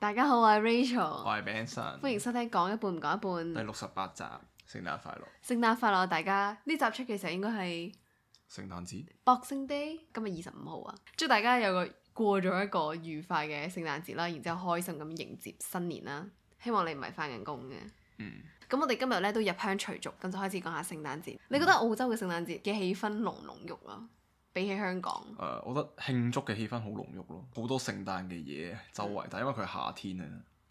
大家好，我係 Rachel，我係 Benson，歡迎收聽講一半唔講一半，第六十八集，聖誕快樂，聖誕快樂大家，呢集出嘅時候應該係聖誕節 Boxing Day，今日二十五號啊，祝大家有個過咗一個愉快嘅聖誕節啦，然之後開心咁迎接新年啦，希望你唔係翻緊工嘅，嗯，咁我哋今日咧都入鄉隨俗，咁就開始講下聖誕節，嗯、你覺得澳洲嘅聖誕節嘅氣氛濃唔濃郁啊？比起香港，誒，uh, 我覺得慶祝嘅氣氛好濃郁咯，好多聖誕嘅嘢周圍，但因為佢係夏天啊，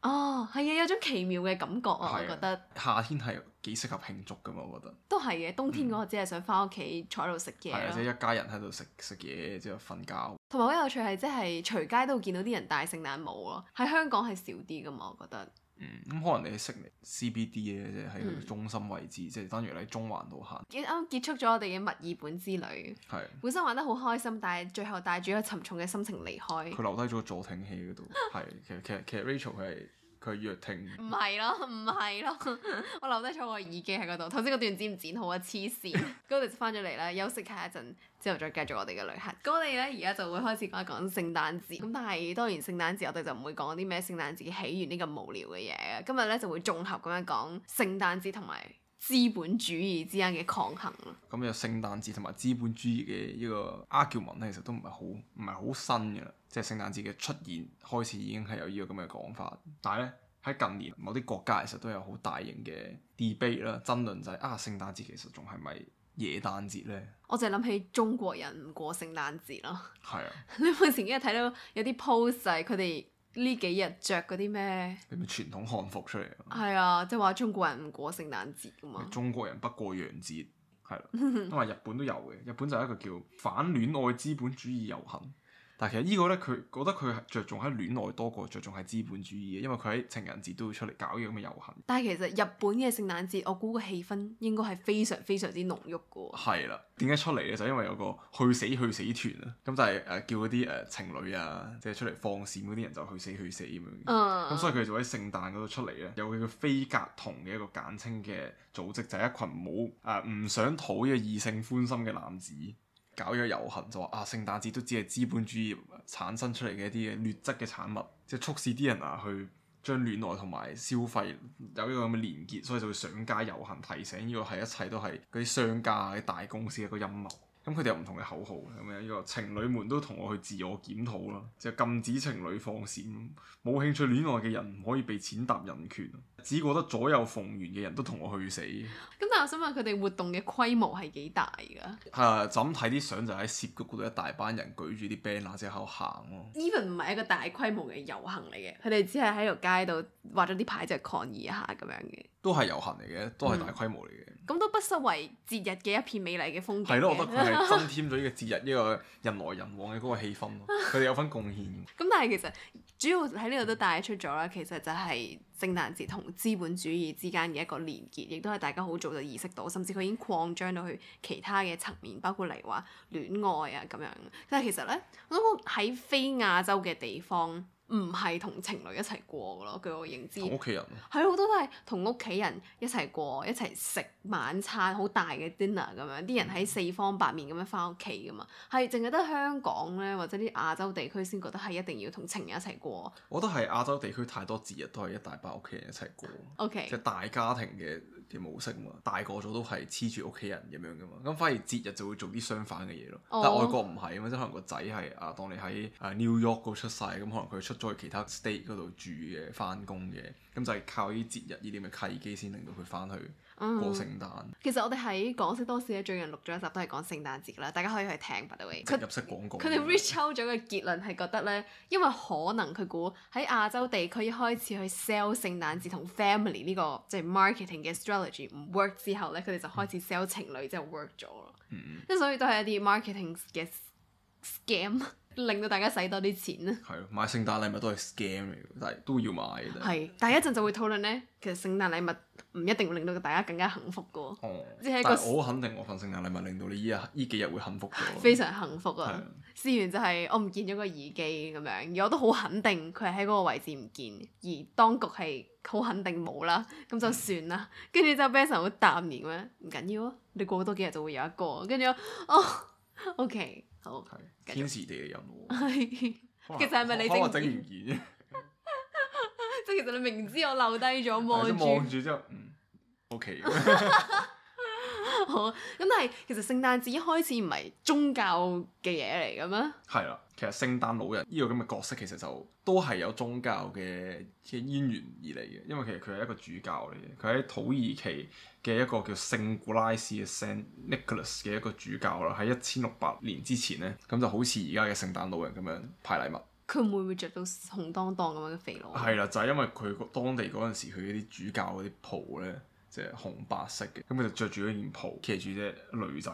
哦，係啊，有種奇妙嘅感覺啊，我覺得夏天係幾適合慶祝噶嘛，我覺得都係嘅。冬天嗰個只係想翻屋企坐喺度食嘢咯，即係一家人喺度食食嘢之後瞓覺。同埋好有趣係，即係隨街都會見到啲人戴聖誕帽咯，喺香港係少啲噶嘛，我覺得。嗯，咁、嗯嗯、可能你係識嚟 CBD 咧，即係喺佢中心位置，嗯、即係例如你喺中環度行。啱啱結，結束咗我哋嘅墨爾本之旅，是本身玩得好開心，但係最後帶住一個沉重嘅心情離開。佢留低咗個助聽器嗰度。係， 其實其實其實 Rachel 佢係。佢約停唔係咯，唔係咯， 我留低咗個耳機喺嗰度。頭先嗰段剪唔剪好啊？黐線。咁 我哋就翻咗嚟啦，休息下一陣，之後再繼續我哋嘅旅行。咁 我哋呢而家就會開始講一講聖誕節。咁但係當然聖誕節，我哋就唔會講啲咩聖誕節起源呢咁無聊嘅嘢。今日呢就會綜合咁樣講聖誕節同埋資本主義之間嘅抗衡啦。咁有聖誕節同埋資本主義嘅呢個 argument 呢，其實都唔係好唔係好新㗎啦。即係聖誕節嘅出現開始已經係有呢個咁嘅講法，但係咧。喺近年，某啲國家其實都有好大型嘅 debate 啦，爭論就係、是、啊，聖誕節其實仲係咪耶誕節咧？我淨係諗起中國人唔過聖誕節咯。係啊， 你會前幾日睇到有啲 post 係佢哋呢幾日著嗰啲咩？係咪傳統漢服出嚟啊？係啊，即係話中國人唔過聖誕節㗎嘛。中國人不過洋節係啦，同埋、啊、 日本都有嘅，日本就係一個叫反戀愛資本主義遊行。但其實依個咧，佢覺得佢係著重喺戀愛多過着重喺資本主義，因為佢喺情人節都會出嚟搞依咁嘅遊行。但係其實日本嘅聖誕節，我估個氣氛應該係非常非常之濃郁嘅喎。係啦，點解出嚟咧？就因為有個去死去死團、就是、啊，咁就係誒叫嗰啲誒情侶啊，即係出嚟放閃嗰啲人就去死去死咁樣。咁、uh、所以佢哋就喺聖誕嗰度出嚟咧，有個叫「飛夾同嘅一個簡稱嘅組織，就係、是、一群冇啊唔想討嘅異性歡心嘅男子，搞咗遊行就話啊，聖誕節都只係資本主義產生出嚟嘅一啲劣質嘅產物，即係促使啲人啊去將戀愛同埋消費有呢個咁嘅連結，所以就會上街遊行提醒呢個係一切都係嗰啲商家啲大公司嘅一個陰謀。咁佢哋有唔同嘅口號，咁樣呢個情侶們都同我去自我檢討咯，就禁止情侶放閃，冇興趣戀愛嘅人唔可以被踐踏人權，只覺得左右逢源嘅人都同我去死。咁但係我想問佢哋活動嘅規模係幾大㗎？係、啊、就咁睇啲相就喺、是、蝕谷嗰度一大班人舉住啲 banner 之後行咯。Even 唔係一個大規模嘅遊行嚟嘅，佢哋只係喺條街度畫咗啲牌就抗議一下咁樣嘅。都係遊行嚟嘅，都係大規模嚟嘅。咁、嗯、都不失為節日嘅一片美麗嘅風景。係咯，我覺得佢係增添咗呢個節日呢、呢個人來人往嘅嗰個氣氛。佢哋 有份貢獻。咁但係其實主要喺呢度都帶了出咗啦，其實就係聖誕節同資本主義之間嘅一個連結，亦都係大家好早就意識到，甚至佢已經擴張到去其他嘅層面，包括嚟話戀愛啊咁樣。但係其實呢，我都喺非亞洲嘅地方。唔係同情侶一齊過嘅咯，據我認知。同屋企人。係咯，好多都係同屋企人一齊過，一齊食晚餐，好大嘅 dinner 咁樣，啲人喺四方八面咁樣返屋企噶嘛，係淨係得香港呢，或者啲亞洲地區先覺得係一定要同情人一齊過。我覺得係亞洲地區太多節日都係一大班屋企人一齊過，OK，即係大家庭嘅嘅模式嘛，大個咗都係黐住屋企人咁樣噶嘛，咁反而節日就會做啲相反嘅嘢咯。Oh. 但外國唔係啊嘛，即係可能個仔係啊當你喺啊 New York 嗰度出世，咁、嗯、可能佢出咗去其他 state 嗰度住嘅，翻工嘅，咁、嗯、就係、是、靠呢啲節日呢啲嘅契機先令到佢翻去。嗯、過聖誕，其實我哋喺港式多士咧最近錄咗一集都係講聖誕節啦，大家可以去聽。By the way，佢入息廣告，佢哋 reach out 咗嘅結論係覺得呢，因為可能佢估喺亞洲地區一開始去 sell 聖誕節同 family 呢、這個即係、就是、marketing 嘅 strategy 唔 work 之後呢，佢哋就開始 sell 情侶即係 work 咗咯。即係、嗯、所以都係一啲 marketing 嘅 scam。 令到大家使多啲錢咧，係咯，買聖誕禮物都係 scam 嚟，但係都要買嘅。係，但係一陣就會討論咧，其實聖誕禮物唔一定會令到大家更加幸福噶喎。哦，即係一個好肯定我份聖誕禮物令到你依日依幾日會幸福嘅。非常幸福啊！是雖然就係我唔見咗個耳機咁樣，而我都好肯定佢係喺嗰個位置唔見，而當局係好肯定冇啦，咁就算啦。跟住之後 Benjamin 會淡然咁樣，唔緊要啊，你過多幾日就會有一個。跟住，哦，OK。好天時地人喎、啊。係 是，其實係咪你整？可能我整唔見。即係其實你明知我漏低咗，望住望住之後，嗯，O K。好、okay，咁、 哦、但係其實聖誕節一開始唔係宗教嘅嘢嚟嘅咩？係啦，其實聖誕老人呢個咁嘅角色其實就都係有宗教嘅嘅淵源而嚟嘅，因為其實佢係一個主教嚟嘅，佢喺土耳其。嘅一個叫聖古拉斯嘅聖 Nicholas 嘅一個主教啦，喺一千六百年之前咧，咁就好似而家嘅聖誕老人咁樣派禮物。佢唔會唔會著到紅當當咁樣嘅肥佬？係啦，就係因為佢當地嗰陣時佢啲主教嗰啲袍咧，即係紅白色嘅，咁佢就著住一件袍，騎住隻驢仔，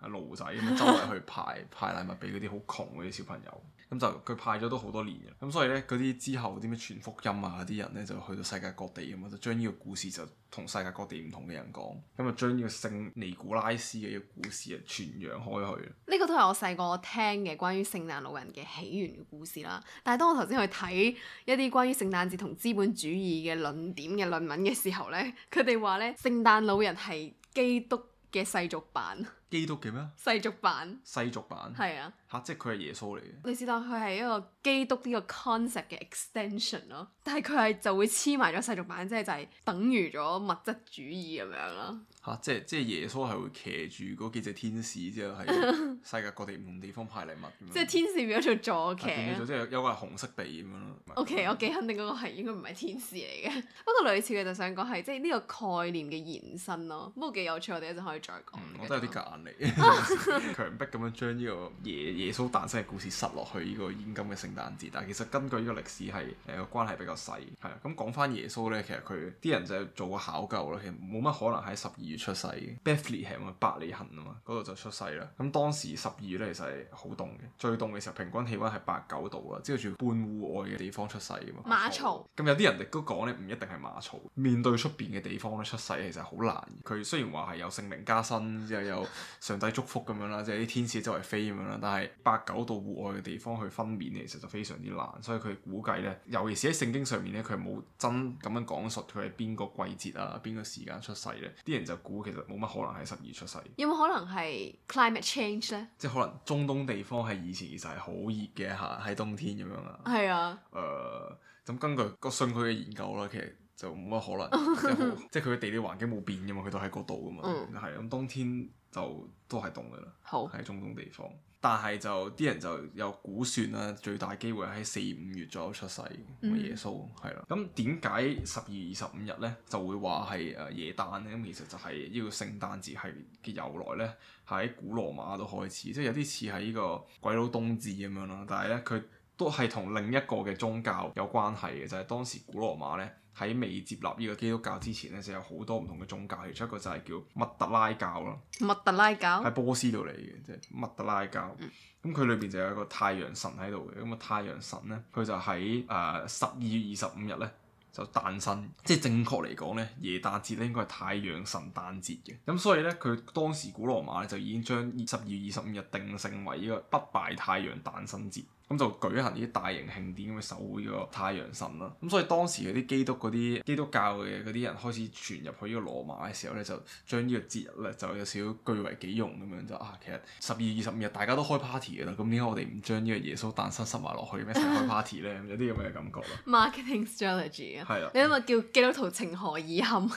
驢仔咁周圍去派派禮物俾嗰啲好窮嗰啲小朋友。 咁就佢派咗都好多年嘅，咁所以呢，嗰啲之後啲咩傳福音啊啲人呢，就去到世界各地咁啊，就將呢個故事就同世界各地唔同嘅人講，咁啊將呢個聖尼古拉斯嘅一個故事啊傳揚開去。呢個都係我細個聽嘅關於聖誕老人嘅起源嘅故事啦。但係當我頭先去睇一啲關於聖誕節同資本主義嘅論點嘅論文嘅時候呢，佢哋話呢，聖誕老人係基督嘅世俗版。基督嘅咩？世俗版。世俗版。係啊。嚇、啊，即係佢係耶穌嚟嘅。你試當佢係一個基督呢個 concept 嘅 extension 咯，但係佢係就會黐埋咗世俗版，即係就係、是、等於咗物質主義咁樣咯。嚇、啊，即係即係耶穌係會騎住嗰幾隻天使之後，喺世界各地唔同 地，地，地方派禮物咁樣。即係天使變咗做坐騎。即係有個係紅色地咁、就是、樣咯。O、okay, K，我幾肯定嗰個係應該唔係天使嚟嘅，不 過類似嘅就想講係即係呢個概念嘅延伸咯，不過幾有趣，我哋一陣可以再講。嗯，嗯我都有啲假。 強迫咁樣將呢個耶耶穌誕生嘅故事塞落去呢個現今嘅聖誕節，但係其實根據呢個歷史係誒個關係比較細，係啊咁講翻耶穌呢，其實佢啲人就做個考究咯，其實冇乜可能喺十二月出世嘅。Bethlehem 啊嘛，伯利恒啊嘛，嗰度就出世啦。咁當時十二月呢，其實係好凍嘅，最凍嘅時候平均氣温係八九度啊，之後住半戶外嘅地方出世啊嘛。馬槽曹咁、嗯嗯嗯、有啲人哋都講呢，唔一定係馬槽。面對出邊嘅地方呢，出世其實好難。佢雖然話係有聖靈加身，之後有 上帝祝福咁樣啦，即係啲天使周圍飛咁樣啦。但係八九度戶外嘅地方去分娩，其實就非常之難。所以佢估計咧，尤其是喺聖經上面咧，佢冇真咁樣講述佢係邊個季節啊，邊個時間出世咧。啲人就估其實冇乜可能係十二月出世。有冇可能係 climate change 咧？即係可能中東地方係以前其實係好熱嘅嚇，喺冬天咁樣啊。係啊、呃。誒，咁根據個信區嘅研究啦，其實。就冇乜可能，即係佢嘅地理環境冇變噶嘛，佢都喺嗰度噶嘛，係咁、嗯嗯、冬天就都係凍噶啦，喺好中東地方，但係就啲人就有估算啦，最大機會喺四五月左右出世嘅、就是、耶穌係啦，咁點解十二二十五日咧就會話係誒耶誕咧？咁、嗯、其實就係呢個聖誕節係嘅由來咧，喺古羅馬度開始，即、就、係、是、有啲似係呢個鬼佬冬至咁樣啦，但係咧佢都係同另一個嘅宗教有關係嘅，就係、是、當時古羅馬咧。喺未接納呢個基督教之前咧，就有好多唔同嘅宗教，其中一個就係、是、叫密特拉教咯。密特拉教喺波斯度嚟嘅，即係密特拉教。咁佢裏邊就有一個太陽神喺度嘅。咁個太陽神咧，佢就喺誒十二月二十五日咧就誕生。即係正確嚟講咧，耶誕節咧應該係太陽神誕節嘅。咁、嗯、所以咧，佢當時古羅馬咧就已經將十二月二十五日定性為呢個不敗太陽誕生節。咁就舉行呢啲大型慶典咁去守呢個太陽神啦，咁所以當時嗰啲基，基督教嘅嗰啲人開始傳入去呢個羅馬嘅時候咧，就將呢個節日咧就有少少據為己用咁樣就啊，其實十二月二十五日大家都開 party 嘅啦，咁點解我哋唔將呢個耶穌誕生塞埋落去咩？一齊開 party 咧，uh, 有啲咁嘅感覺咯。Marketing strategy 啊的，係啦，你諗下叫基督徒情何以堪？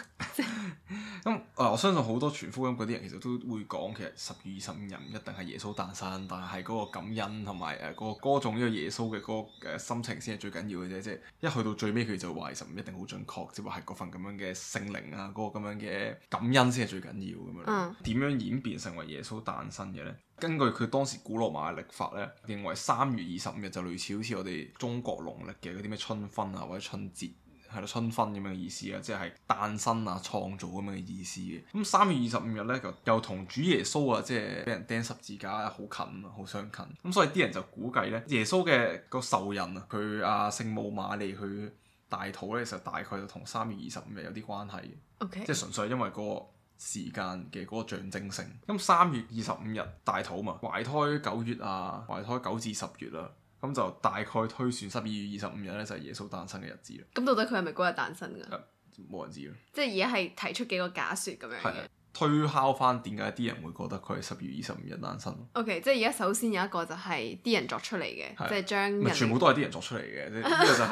咁啊，我相信好多傳福音嗰啲人其實都會講，其實十二月二十五日唔一定係耶穌誕生，但係嗰個感恩同埋誒嗰個歌。這種呢個耶穌嘅嗰個誒心情先係最緊要嘅啫，即係一去到最尾佢就話，其實唔一定好準確，即係話係嗰份咁樣嘅聖靈啊，嗰個咁樣嘅感恩先係最緊要咁樣。嗯，點樣演變成為耶穌誕生嘅咧？根據佢當時古羅馬嘅曆法咧，認為三月二十五日就類似好似我哋中國農曆嘅嗰啲咩春分啊或者春節。係咯，春分咁嘅意思啊，即係誕生啊、創造咁嘅意思嘅。咁三月二十五日呢，又又同主耶穌啊，即係俾人釘十字架，好近啊，好相近。咁所以啲人就估計呢，耶穌嘅個受孕啊，佢阿聖母瑪利佢大肚呢，其實大概就同三月二十五日有啲關係嘅。Okay. 即係純粹係因為個時間嘅嗰個象徵性。咁三月二十五日大肚啊嘛，懷胎九月啊，懷胎九至十月啊。咁就大概推算十二月二十五日咧就係、是、耶穌誕生嘅日子啦。咁到底佢係咪嗰日誕生噶？冇人知咯。即係而家係提出幾個假說咁樣。推敲翻點解啲人會覺得佢係十二月二十五日誕生。O、okay, K，即係而家首先有一個就係啲人作出嚟嘅，即係將唔係全部都係啲人作出嚟嘅，即係呢個就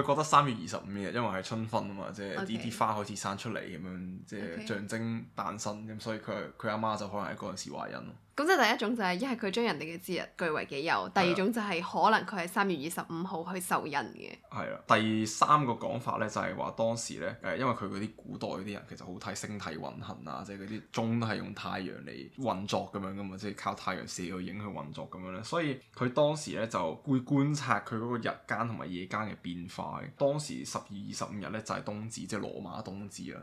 係佢覺得三月二十五日，因為係春分啊嘛，即係呢啲花開始生出嚟咁樣，Okay. 即係象徵誕生，咁 Okay. 所以佢佢阿媽就可能係嗰陣時懷孕咯。咁即係第一種就係一係佢將人哋嘅節日據為己有，第二種就係可能佢係三月二十五號去受孕嘅。係啊，第三個講法咧就係話當時咧誒，因為佢嗰啲古代嗰啲人其實好睇星體運行啊，即係嗰啲鐘都係用太陽嚟運作咁樣噶嘛，即係靠太陽射個影去運作咁樣咧。所以佢當時咧就會觀察佢嗰個日間同埋夜間嘅變化嘅。當時十二月二十五日咧就係冬至，即係羅馬冬至啦。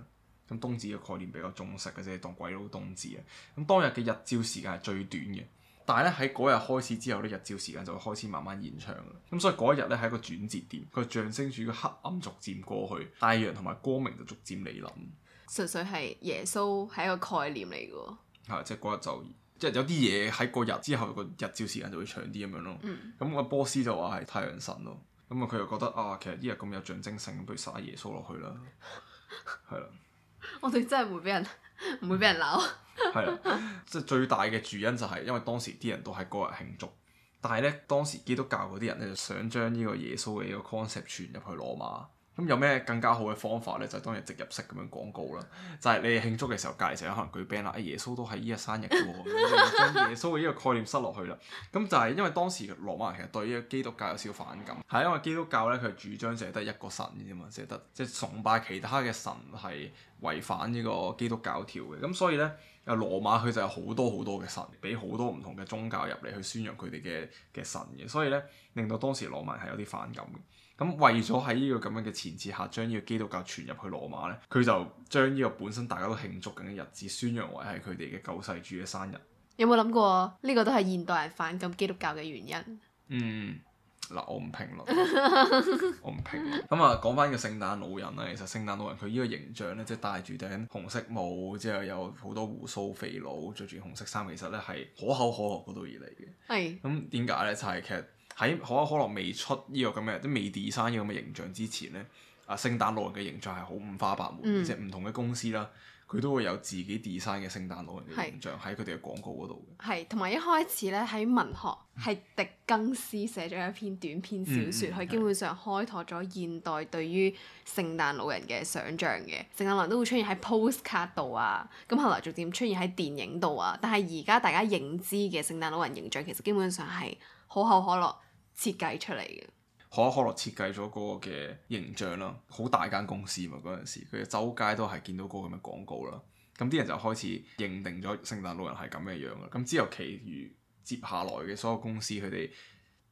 咁冬至嘅概念比較重實嘅啫，就是、當鬼佬冬至啊！咁當日嘅日照時間係最短嘅，但係咧喺嗰日開始之後咧，日照時間就會開始慢慢延長。咁所以嗰一日咧係一個轉折點，佢象徵住個黑暗逐漸過去，太陽同埋光明就逐漸嚟臨。純粹係耶穌係一個概念嚟嘅喎，即係嗰日就即、是、係、就是、有啲嘢喺嗰日之後個日照時間就會長啲咁樣咯。咁阿、嗯、波斯就話係太陽神咯，咁啊佢就覺得啊其實呢日咁有象徵性，不如撒耶穌落去啦，係啦。 我哋真係唔會俾人，唔會俾人鬧。係啦 即係最大嘅主因就係、係、因為當時啲人都係個人慶祝，但係咧當時基督教嗰啲人咧就想將呢個耶穌嘅呢個 concept 傳入去羅馬。咁有咩更加好嘅方法咧？就係、是、當日植入式咁樣廣告啦，就係、是、你哋慶祝嘅時候，隔離成日可能舉杯啦、哎，耶穌都係呢日生日嘅喎，將耶穌嘅呢個概念塞落去啦。咁 就係因為當時羅馬人其實對於基督教有少少反感，係因為基督教咧佢係主張淨係得一個神嘅啫嘛，淨係得即係崇拜其他嘅神係違反呢個基督教條嘅。咁所以咧，誒羅馬佢就有好多好多嘅神，俾好多唔同嘅宗教入嚟去宣揚佢哋嘅嘅神嘅，所以咧令到當時羅馬人係有啲反感咁為咗喺呢個咁樣嘅前置下，將呢個基督教傳入去羅馬咧，佢就將呢個本身大家都慶祝緊嘅日子，宣揚為係佢哋嘅救世主嘅生日。有冇諗過呢、這個都係現代人反感基督教嘅原因？嗯，嗱， 我唔評論，我唔評論。咁啊，講翻個聖誕老人啊，其實聖誕老人佢呢個形象咧，即係戴住頂紅色帽，之後有好多鬍鬚、肥佬，著住紅色衫，其實咧係可口可樂嗰度而嚟嘅。係是。咁點解咧？就係劇。喺可口可樂未出呢個咁嘅，都未 design 呢個咁嘅形象之前咧，啊聖誕老人嘅形象係好五花八門，嗯、即係唔同嘅公司啦，佢都會有自己 design 嘅聖誕老人嘅形象喺佢哋嘅廣告嗰度嘅。係，同埋一開始咧喺文學係狄更斯寫咗一篇短篇小説，佢、嗯、基本上開拓咗現代對於聖誕老人嘅想象嘅。聖誕老人都會出現喺 postcard 度啊，咁後來逐漸出現喺電影度啊，但係而家大家認知嘅聖誕老人形象其實基本上係可口可樂。設計出嚟嘅可口可樂設計咗個嘅形象啦，好大間公司嘛嗰陣時，佢哋周街都係見到個咁嘅廣告啦。咁啲人就開始認定咗聖誕老人係咁嘅樣啦。咁之後，其餘接下來嘅所有公司佢哋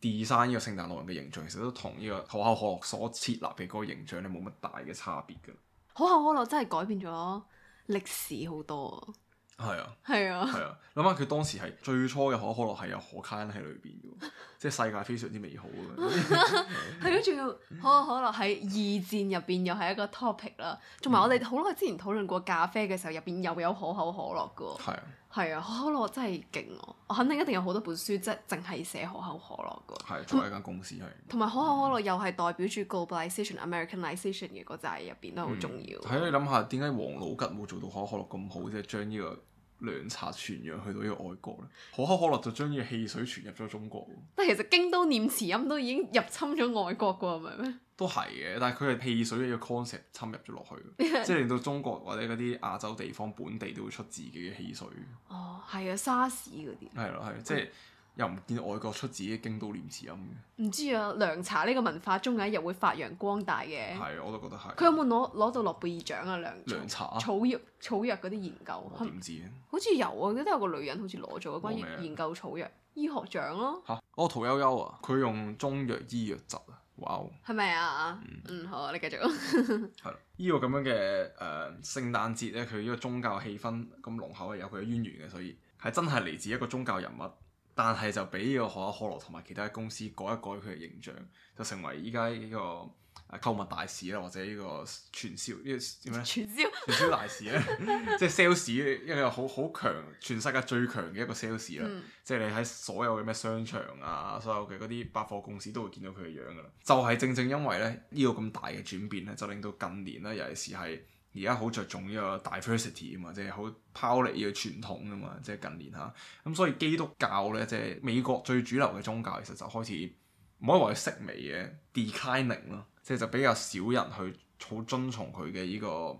design 呢個聖誕老人嘅形象，其實都同呢個可口可樂所設立嘅嗰個形象咧冇乜大嘅差別㗎。可口可樂真係改變咗歷史好多。係啊，係啊，諗下佢當時係最初嘅可口可樂係有可卡因喺裏邊嘅喎，即係世界非常之美好嘅。係咯、 啊，仲有可口可樂喺二戰入邊又係一個 topic 啦。同埋我哋好耐之前討論過咖啡嘅時候，入邊又有可口可樂㗎喎。係、嗯。係啊，可口可樂真係勁喎，我肯定一定有好多本書即係淨係寫可口可樂嘅，係同一間公司係。同埋、嗯、是可口可樂又係代表住 globalisation、Americanization 嘅嗰陣入邊都好重要。係咯、嗯，你諗下點解王老吉冇做到可口可樂咁好即係？將呢個涼茶傳揚去到呢個外國咧，可口可，可樂就將呢個汽水傳入咗中國喎。但係其實京都念慈庵都已經入侵咗外國嘅喎，唔係咩？都係嘅，但係佢係汽水嘅 concept 侵入咗落去， 即係令到中國或者嗰啲亞洲地方本地都會出自己嘅汽水。哦，係啊，沙士嗰啲。係咯，係， 即係又唔見外國出自己京都念慈庵嘅。唔知啊，涼茶呢個文化終有一日會發揚光大嘅。係啊， 我都覺得係。佢有冇攞攞到諾貝爾獎啊？涼茶草藥草藥嗰啲研究點知啊？知好似有啊，都得有個女人好似攞咗關於研究草藥、啊、醫學獎咯。嚇！我陶悠悠啊，佢、哦啊、用中藥醫藥雜啊。哇哦，係咪 Wow. 啊？Mm. 嗯，好，你繼續。係 咯，呢個咁樣嘅誒聖誕節咧，佢呢個宗教氣氛咁濃厚嘅，有佢嘅淵源嘅，所以係真係嚟自一個宗教人物，但係就俾呢個可口可樂同埋其他公司改一改佢嘅形象，就成為依家呢個。啊！購物大使啦，或者呢個傳銷呢個點樣？傳銷，傳銷，銷大使呢， 即係 sales 一個好好強，全世界最強嘅一個 sales 啦。嗯、即係你喺所有嘅咩商場啊，所有嘅嗰啲百貨公司都會見到佢嘅樣噶啦。就係、是、正正因為呢呢、呢個咁大嘅轉變呢，就令到近年呢，尤其是係而家好着重呢個 diversity 啊嘛，即係好拋離呢個傳統啊嘛。即係近年嚇咁、啊嗯，所以基督教呢，即係美國最主流嘅宗教，其實就開始唔可以話佢式微嘅，declining 咯。De 即係就比較少人去好遵從佢嘅呢個誒嘅、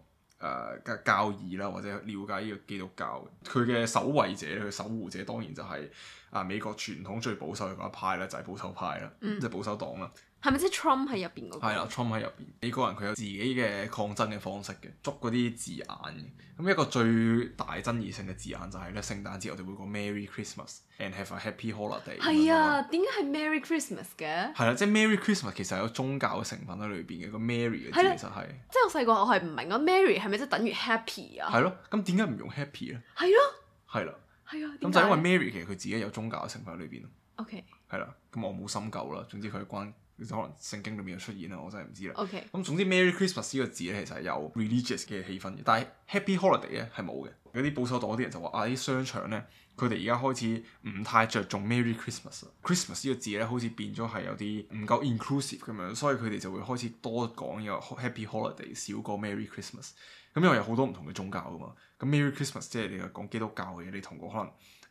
呃、教義啦，或者去了解呢個基督教佢嘅守衞者、佢守護者，當然就係啊美國傳統最保守嘅嗰一派啦，就係、是、保守派啦，即係、嗯、保守黨啦。係咪即係 Trump 喺入邊嗰個？係啦，Trump 喺入邊。美國人佢有自己嘅抗爭嘅方式嘅，捉嗰啲字眼嘅。咁一個最大爭議性嘅字眼就係咧，聖誕節我哋會講 Merry Christmas and have a happy holiday。係啊，點解係 Merry Christmas 嘅？係啦、啊，即係 Merry Christmas 其實有宗教嘅成分喺裏邊嘅，個 Merry 嘅字、啊、其實係、就是啊。即係我細個我係唔明啊 Merry 係咪即係等於 Happy 啊？係咯、啊，咁點解唔用 Happy 咧？係咯。係啦。係啊。咁、啊啊啊、就因為 Merry 其實佢自己有宗教嘅成分喺裏邊。OK、啊。係啦，咁我冇深究啦。總之佢關。其實可能聖經裏面有出現啦，我真係唔知啦。OK，咁總之 Merry Christmas 呢個字咧，其實係有 religious 嘅氣氛嘅，但係 Happy Holiday 咧係冇嘅。有啲保守黨啲人就話啊，啲商場咧，佢哋而家開始唔太着重 Merry Christmas 啦。Christmas 呢個字咧，好似變咗係有啲唔夠 inclusive 咁樣，所以佢哋就會開始多講一個 Happy Holiday，少個 Merry Christmas。咁因為有好多唔同嘅宗教啊嘛，咁 Merry Christmas 即係你係講基督教嘅嘢，你同個可能……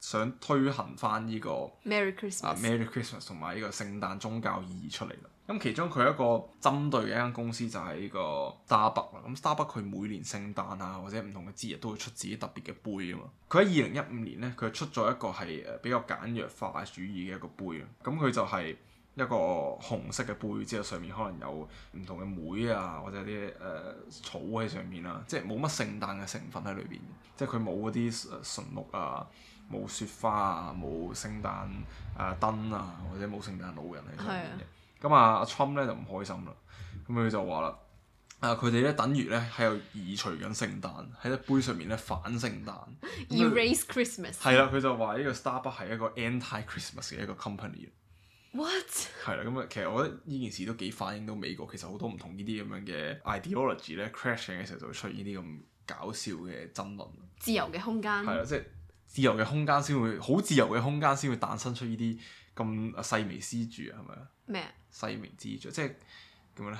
想推行翻呢、呢個啊 Merry Christmas 同埋呢個聖誕宗教意義出嚟啦。咁、嗯、其中佢一個針對嘅一間公司就係呢個 Starbucks 啦。咁、嗯、Starbucks 佢每年聖誕啊或者唔同嘅節日都會出自己特別嘅杯啊嘛。佢喺二零一五年呢，佢出咗一個係誒比較簡約化主義嘅一個杯，咁佢、嗯、就係一個紅色嘅杯，之後上面可能有唔同嘅梅啊或者啲誒、呃、草喺上面啦、啊，即係冇乜聖誕嘅成分喺裏邊，即係佢冇嗰啲純木啊。冇雪花啊，冇聖誕誒燈啊，或者冇聖誕老人喺上面嘅。咁啊的，阿 Trump 咧就唔開心啦。咁佢就話啦，啊，佢哋咧等於咧喺度移除緊聖誕，喺啲杯上面咧反聖誕。Erase Christmas 就。係啦，佢就話呢個 Starbucks 係一個 anti Christmas 嘅一個 company。What？係啦，咁啊，其實我覺得呢件事都幾反映到美國其實好多唔同 ology，呢啲咁樣嘅 ideology 咧 crashing 嘅時候就會出現呢啲咁搞笑嘅爭論。自由嘅空間。係啦，即係。自由嘅空間先會好自由嘅空間先會誕生出呢啲咁細微之處啊，係咪啊？咩麼？細微之處，即係點樣咧、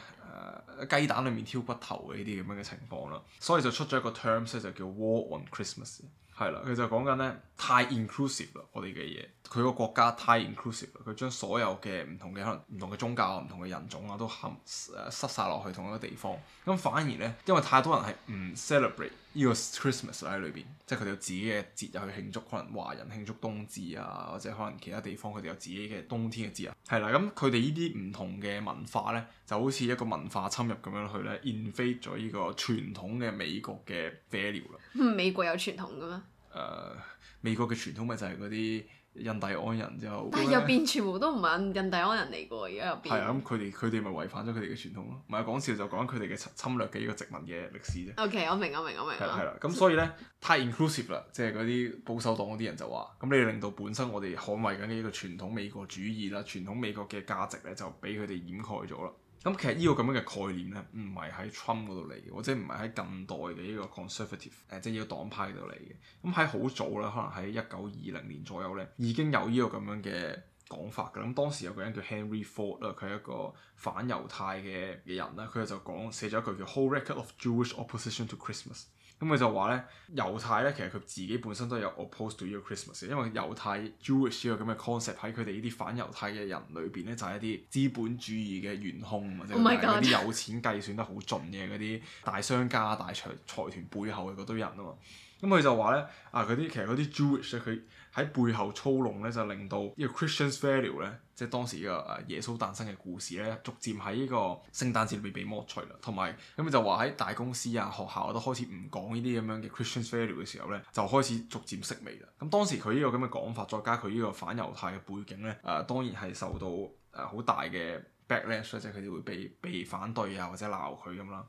呃？雞蛋裡面挑骨頭嘅呢啲咁樣嘅情況啦。所以就出咗一個 terms 咧，就叫 War on Christmas。係啦，佢就講緊咧太 inclusive 啦，我哋嘅嘢，佢個國家太 inclusive 啦。佢將所有嘅唔同嘅可能、唔同嘅宗教啊、唔同嘅人種啊，都含塞晒落去同一個地方。咁反而咧，因為太多人係唔 celebrate 呢個 Christmas 喺裏邊，即係佢哋有自己嘅節日去慶祝，可能華人慶祝冬至啊，或者可能其他地方佢哋有自己嘅冬天嘅節日，係啦。咁佢哋呢啲唔同嘅文化呢，就好似一個文化侵入咁樣去呢，invade 咗呢個傳統嘅美國嘅 value 啦。美國有傳統嘅咩？誒，uh，美國嘅傳統咪就係嗰啲。印第安人之後，但係入邊全部都唔係印印第安人嚟噶喎，而家入邊係啊，咁佢哋佢哋咪違反咗佢哋嘅傳統咯，唔係講笑就講佢哋嘅侵略嘅一個殖民嘅歷史啫。OK，我明我明我明。係啦係啦，咁所以咧，太 inclusive 啦，即係嗰啲保守黨嗰啲人就話，咁你令到本身我哋捍衞緊呢一個傳統美國主義啦，傳統美國嘅價值咧就俾佢哋掩蓋咗啦。咁其實依個咁樣嘅概念咧，唔係喺 Trump 嗰度嚟嘅，或者唔係喺近代嘅依個 conservative，誒、呃、即係依個黨派嗰度嚟嘅。咁喺好早啦，可能喺一九二零年左右咧，已經有依個咁樣嘅講法㗎。咁當時有個人叫 Henry Ford 啦，佢係一個反猶太嘅嘅人啦，佢就講，寫咗句叫《Whole record of Jewish opposition to Christmas》。咁佢就話呢，猶太呢，其實佢自己本身都有 oppose to your Christmas，因為猶太 Jewish 呢個咁嘅 concept 喺佢哋呢啲反猶太嘅人裏邊呢，就係一啲資本主義嘅元兇啊，即係嗰啲有錢計算得好盡嘅嗰啲大商家、大財財團背後嘅嗰堆人啊嘛。咁佢、嗯、就話呢，啊，佢啲其實嗰啲 Jewish 佢喺背後操弄呢，就令到呢個 Christian's value r 呢，即係當時嘅、呢個啊、耶穌誕生嘅故事呢，逐漸喺呢個聖誕節裏面被抹除啦。同埋咁佢就話喺大公司啊、學校都開始唔講呢啲咁樣嘅 Christian's value r 嘅時候呢，就開始逐漸式微啦。咁、嗯、當時佢呢、呢個咁嘅講法，再加佢呢個反猶太嘅背景呢，誒、啊、當然係受到誒好、啊、大嘅 backlash，即係佢哋會被被反對啊，或者鬧佢咁啦。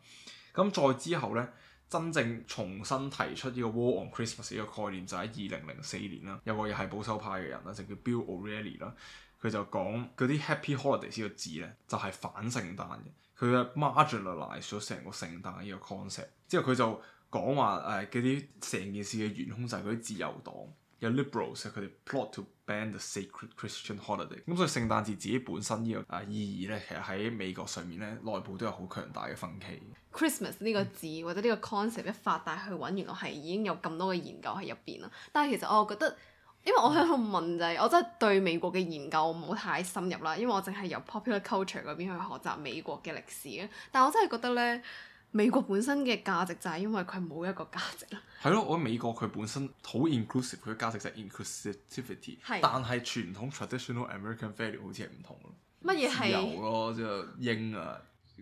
咁再之後呢。真正重新提出呢個 War on Christmas 呢個概念就喺二零零四年啦，有個又係保守派嘅人啦，就叫 Bill O'Reilly 啦，佢就講嗰啲 Happy Holidays 呢個字咧就係反聖誕嘅，佢就 Marginalize 咗成個聖誕呢個 concept，之後佢就講話誒嗰啲成件事嘅元凶就係嗰啲自由黨。有 liberals，佢哋 plot to ban the sacred Christian holiday。咁所以聖誕節自己本身呢個啊意義咧，其實喺美國上面咧內部都有好強大嘅分歧。Christmas 呢、嗯、個字或者呢個 concept 一發大，去揾原來係已經有咁多嘅研究喺入邊啦。但係其實我又覺得，因為我喺度問就係，嗯、我真係對美國嘅研究唔好太深入啦，因為我淨係由 popular culture 嗰邊去學習美國嘅歷史啊。但我真係覺得咧。美國本身嘅價值就係因為佢冇一個價值啦。係咯，我覺得美國佢本身好 inclusive，佢嘅價值就係 inclusivity 是。但係傳統 traditional American value 好似係唔同咯。乜嘢係？自由咯，啊，是就英啊。嗰啲咧，我真係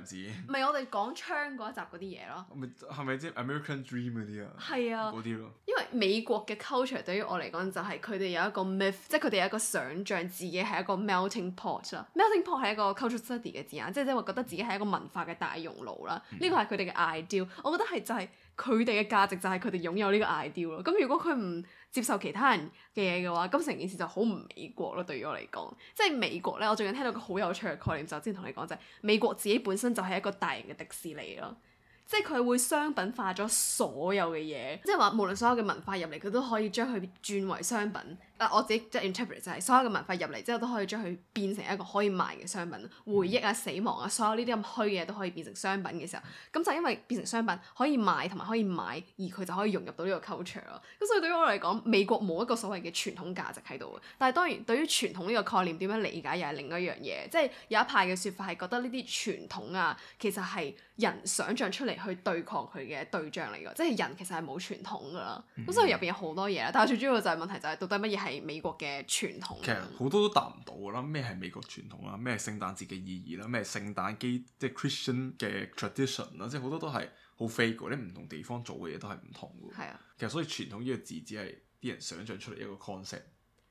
唔知。我哋講槍嗰一集嗰啲嘢咯。咪係咪即係 American Dream 嗰啲啊？係啊，嗰啲咯。因為美國嘅 culture 對於我嚟講就係佢哋有一個 myth，即係佢哋有一個想像自己係一個 melting pot 啦。melting pot 係一個 culture study 嘅字眼，即係即係話覺得自己係一個文化嘅大熔爐啦。呢個係佢哋嘅 ideal。嗯、我覺得係就係佢哋嘅價值就係佢哋擁有呢個 ideal 咯。咁如果佢唔接受其他人嘅嘢嘅話，咁成件事就好唔美國咯。對於我嚟講，即係美國咧，我最近聽到個好有趣嘅概念，就之前同你講，就係美國自己本身就係一個大型嘅迪士尼咯，即係佢會商品化咗所有嘅嘢，即係話無論所有嘅文化入嚟，佢都可以將佢轉為商品。啊！我自己即係 interpret 就係、是、所有嘅文化入嚟之後都可以將佢變成一個可以賣嘅商品，嗯、回憶啊、死亡啊，所有呢啲咁虛嘅嘢都可以變成商品嘅時候，咁就因為變成商品可以賣同埋可以買，而佢就可以融入到呢個 culture 咯。咁所以對於我嚟講美國冇一個所謂嘅傳統價值喺度嘅。但係當然對於傳統呢個概念點樣理解又係另一樣嘢，即、就、係、是、有一派嘅說法係覺得呢啲傳統啊，其實係人想象出嚟去對抗佢嘅對象嚟㗎，即、就、係、是、人其實係冇傳統㗎啦。咁、嗯、所以入邊有好多嘢啦，但係最主要就係問題就係到底乜嘢係？係美國嘅傳統，其實好多都答唔到噶啦。咩係美國傳統啊？咩聖誕節嘅意義啦？咩聖誕基即係 Christian 嘅 tradition 啦？即係好多都係好 fake 㗎。啲唔同地方做嘅嘢都係唔同㗎。係啊，其實所以傳統呢個字只係啲人想象出嚟一個 concept。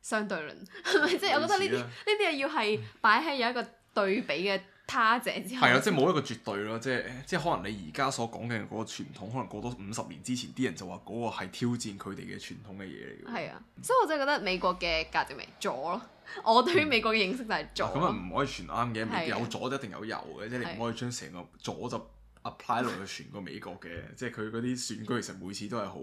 相對論係咪？ 即係我覺得呢啲呢啲係要係擺喺有一個對比嘅。他者之後係啊，即係冇一個絕對咯，即係即係可能你而家所講嘅嗰個傳統，可能過多五十年之前啲人就話嗰個係挑戰佢哋嘅傳統嘅嘢嚟嘅。係啊，所以我真係覺得美國嘅價值覓左咯。我對於美國嘅認識就係左。咁、嗯、啊唔可以全啱嘅，的有左就一定有右嘅，即係你唔可以將成個左就 apply 落的去全個美國嘅。即係佢嗰啲選舉其實每次都係好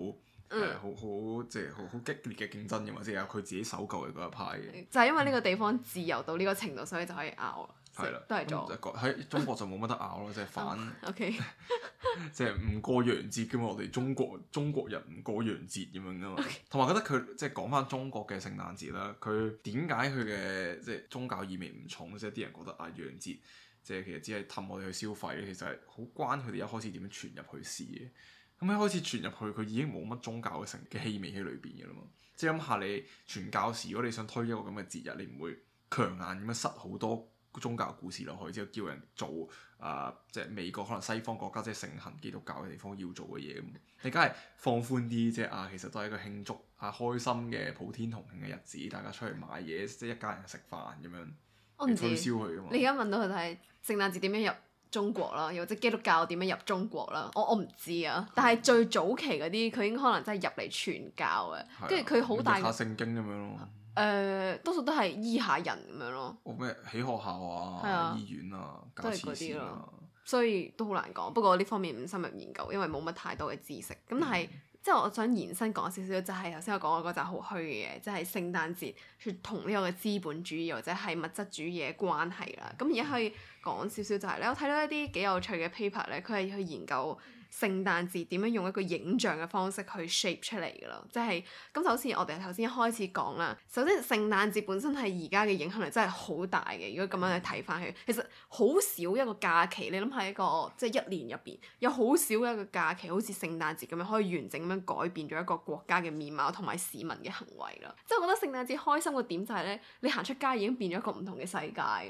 誒好好即係好好激烈嘅競爭嘅嘛，或者有佢自己守舊嘅嗰一派嘅。就係因為呢個地方自由到呢個程度，所以就可以拗。係啦，都係做。喺中國就冇乜得拗咯，就係反，O K，即係唔過洋節嘅嘛。我哋中國中國人唔過洋節咁樣噶嘛？同埋 Okay. 覺得佢即係講翻中國嘅聖誕節啦。佢點解佢嘅即係宗教意味唔重？即係啲人覺得啊，洋節即係其實只係氹我哋去消費，其實係好關佢哋一開始點樣傳入去的事嘅。咁一開始傳入去，佢已經冇乜宗教嘅成嘅氣味喺裏邊嘅嘛。即係諗下你傳教時，如果你想推一個咁嘅節日，你唔會強硬咁樣塞好多。宗教故事落去之後，叫人做啊、呃，即係美國可能西方國家即係盛行基督教嘅地方要做嘅嘢咁，你梗係放寬啲即係啊，其實都係一個慶祝啊開心嘅普天同慶嘅日子，大家出去買嘢，即係一家人食飯咁樣去推銷佢噶嘛。你而家問到佢睇聖誕節點樣入中國啦，又或者基督教點樣入中國啦，我我唔知啊。但係最早期嗰啲佢應該可能真係入嚟傳教嘅，跟住佢好大聖經咁樣咯。誒、呃、多數都係醫下人咁樣咯。起咩、哦？學校啊，啊醫院啊，搞慈善啊，都係嗰啲咯，所以都好難講。不過呢方面唔深入研究，因為冇乜太多嘅知識。咁但係、嗯、即係我想延伸講少少，就係頭先我講嗰個好虛嘅嘢，即係聖誕節同呢個嘅資本主義或者係物質主義嘅關係啦。咁而家可以講少少就係咧，我睇到一啲幾有趣嘅 paper 咧，佢係去研究，聖誕節點樣用一個影像嘅方式去 shape 出嚟嘅咯，即係咁。就好似我哋頭先一開始講啦，首先聖誕節本身係而家嘅影響力真係好大嘅。如果咁樣去睇翻佢，其實好少一個假期，你諗下一個即係、就是、一年入邊有好少一個假期，好似聖誕節咁樣可以完整咁樣改變咗一個國家嘅面貌同埋市民嘅行為啦。即係我覺得聖誕節開心嘅點就係咧，你行出街已經變咗一個唔同嘅世界啊！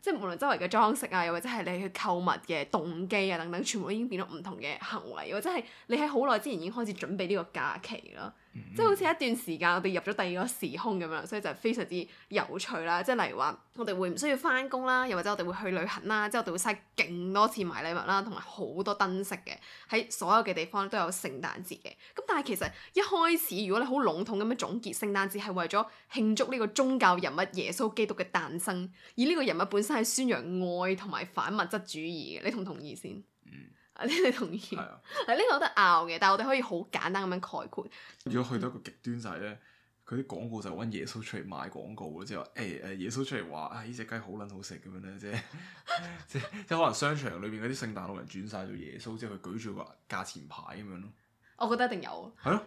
即係無論周圍嘅裝飾啊，又或者係你去購物嘅動機啊等等，全部都已經變咗唔同嘅行為，或者係你喺好耐之前已經開始準備呢個假期啦。即係好似一段時間，我哋入咗第二個時空咁樣，所以就非常之有趣啦。即係例如話，我哋會唔需要翻工啦，又或者我哋會去旅行啦，之後我哋會嘥勁多錢買禮物啦，同埋好多燈飾嘅，喺所有嘅地方都有聖誕節嘅。咁但係其實一開始，如果你好籠統咁樣總結聖誕節係為咗慶祝呢個宗教人物耶穌基督嘅誕生，而呢個人物本身係宣揚愛同埋反物質主義嘅，你同唔同意先？你哋同意係啊，呢個都得拗嘅，但係我哋可以好簡單咁樣概括。如果去到一個極端曬咧，佢啲廣告就揾耶穌出嚟賣廣告咯，哎， 即係話誒誒耶穌出嚟話啊呢隻雞好撚好食咁樣咧，即係即係可能商場裏邊嗰啲聖誕老人轉曬做耶穌，之後佢舉住個價錢牌咁樣咯。我覺得一定有。係咯，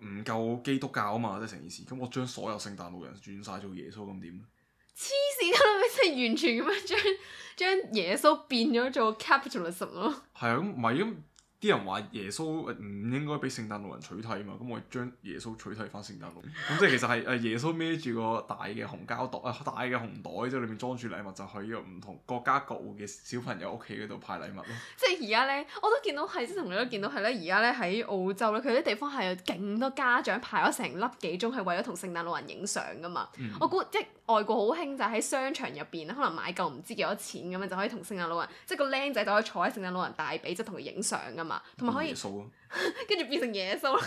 嗯， 即係唔夠基督教啊嘛，即係成件事。咁我將所有聖誕老人轉曬做耶穌咁點咧？黐線㗎啦，樣，即係完全咁樣將將耶穌變咗做 capitalism 咯，係啊，唔係啲人話耶穌唔應該俾聖誕老人取替啊嘛，咁我將耶穌取替翻聖誕老人，咁 即係其實係耶穌孭住個大嘅紅膠袋，大嘅紅袋，即係裏面裝住禮物，就去呢個唔同國家各戶嘅小朋友屋企嗰度派禮物咯。即係而家呢，我都見到係，即係同你都見到係呢而家呢，喺澳洲呢，佢啲地方係勁多家長排咗成粒幾鐘，係為咗同聖誕老人影相噶嘛。嗯、我估即係外國好興就係喺商場入邊，可能買夠唔知幾多錢咁啊，就可以同聖誕老人，即係個靚仔就可以坐喺聖誕老人大髀，即係同佢影相噶。同埋可以跟住 變成耶穌，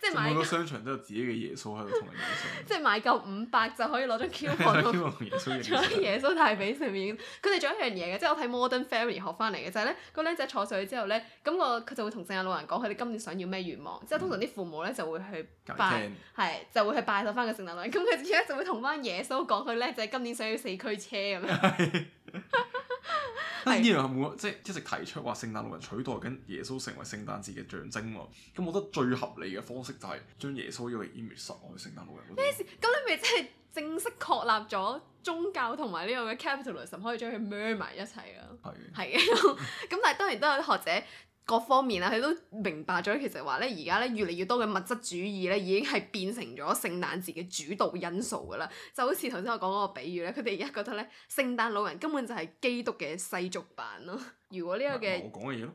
即係的 每個商場都有自己嘅耶穌喺度同你。即係 買夠五百就可以攞張 coupon 攞啲耶穌大髀上面。佢哋仲有一樣嘢嘅，即係 我睇 Modern Family 學翻嚟嘅就係、是、咧，個僆仔坐上去之後咧，咁個佢就會同聖誕老人講佢哋今年想要咩願望，嗯、即係通常啲父母咧就會去拜，係 G aten. 就會去拜咗翻個聖誕老人，咁佢咧就會同翻耶穌講佢僆仔今年想要四驅車。 呢樣係冇，即係一直提出話聖誕老人取代緊耶穌成為聖誕節嘅象徵喎。咁我覺得最合理嘅方式就係將耶穌呢個 image 塞去聖誕老人。咩事？咁你咪即係正式確立咗宗教同埋呢個 capitalism 可以將佢 merge 埋一齊啊？係的。係嘅。咁、嗯、但係當然都有啲學者。各方面啦、啊，佢都明白咗，其實話咧，而家咧越嚟越多嘅物質主義咧，已經係變成咗聖誕節嘅主導因素噶啦。就好似頭先我講嗰個比喻咧，佢哋而家覺得咧，聖誕老人根本就係基督嘅世俗版咯。如果呢、呢個嘅，我講嘅嘢咯。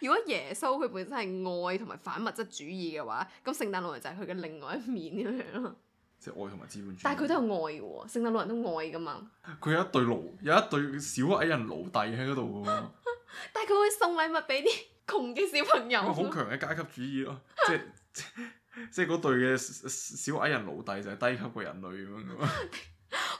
如果耶穌佢本身係愛同埋反物質主義嘅話，咁聖誕老人就係佢嘅另外一面咁樣咯。即係愛同埋資本主義。但係佢都有愛嘅喎，聖誕老人都愛噶嘛。佢有一對奴，有一對小矮人奴弟喺嗰度嘅。但係佢會送禮物俾啲窮嘅小朋友，好強嘅階級主義咯！ 即係即係嗰隊嘅小矮人奴隸就係低級過人類咁樣。